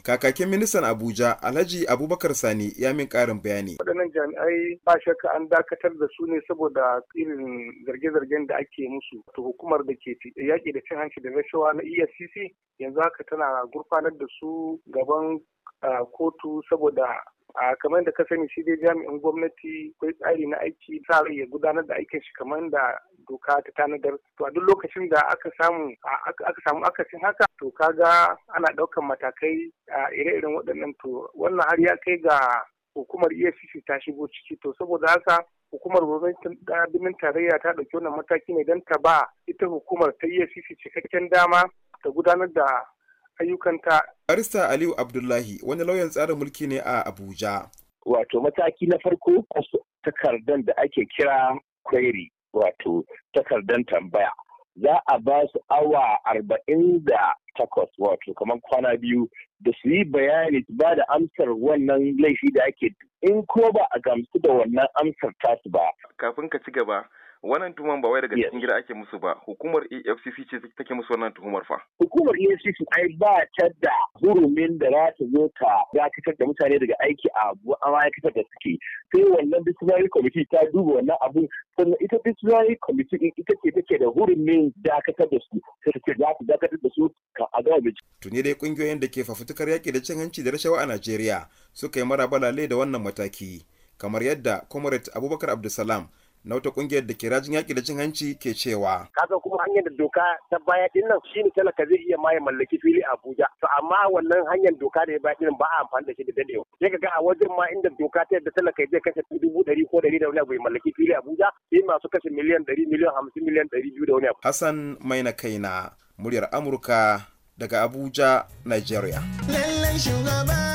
Kakakin ministan Abuja Alhaji Abubakar Sani ya min karin bayani. Waɗannan jami'ai ba shakka an dakatar da su ne saboda irin zarge-zargen da ake musu. wato hukumar da ke yaƙi da cin hanci da rashawa na EFCC yanzu haka tana gurfanar da su gaban ah, kotu saboda a kamar da ka sani shi dai jami'in gwamnati akwai tsari na aiki sa rai ya gudanar da aikin shi kamar da doka ta tanadar to a duk lokacin da aka samu aka samu akasin haka to kaga ana ɗaukan matakai a ire-iren waɗannan to wannan har ya kai ga hukumar efcc ta shigo ciki to saboda haka hukumar birnin tarayya ta ɗauki wannan mataki ne don ta ba ita hukumar ta efcc cikakken dama ta gudanar da ayyukanta. Barista Aliyu Abdullahi wani lauyan tsarin mulki ne a Abuja. Wato mataki na farko takardan da ake kira query wato takardan tambaya. Za a ba su awa arba'in da takwas wato kamar kwana biyu da su yi bayani ba da amsar wannan laifi da ake in ko ba a gamsu da wannan amsar tasu ba. Kafin ka ci gaba, wannan tuhuman ba wai daga cikin gida ake musu ba hukumar EFCC ce take musu wannan tuhumar fa hukumar EFCC ai ba ta da hurumin da za ta zo ta dakatar da mutane daga aiki a ma'aikatar da suke sai wannan disciplinary committee ta duba wannan abu sannan ita disciplinary committee din ita ce take da hurumin dakatar da su sai ta ce za ta dakatar da su ka a gama bincike tuni dai kungiyoyin da ke fafutukar yaki da cin hanci da rashawa a Najeriya suka yi marabalale da wannan mataki kamar yadda comrade abubakar abdulsalam na wata kungiyar da ke rajin yaƙi da cin hanci ke cewa. Kaga kuma hanyar da doka ta baya din shi ne talaka zai iya maye mallaki fili a Abuja. To amma wannan hanyar doka da ya baya din ba a amfani da shi da dadewa. Sai ga a wajen ma inda doka ta yadda talaka zai kashe dubu ɗari ko ɗari da wani abu mallaki fili a Abuja sai masu kashe miliyan ɗari miliyan hamsin miliyan ɗari biyu da wani abu. Hassan Maina Kaina muryar Amurka daga Abuja, Nigeria. Lallai shugaba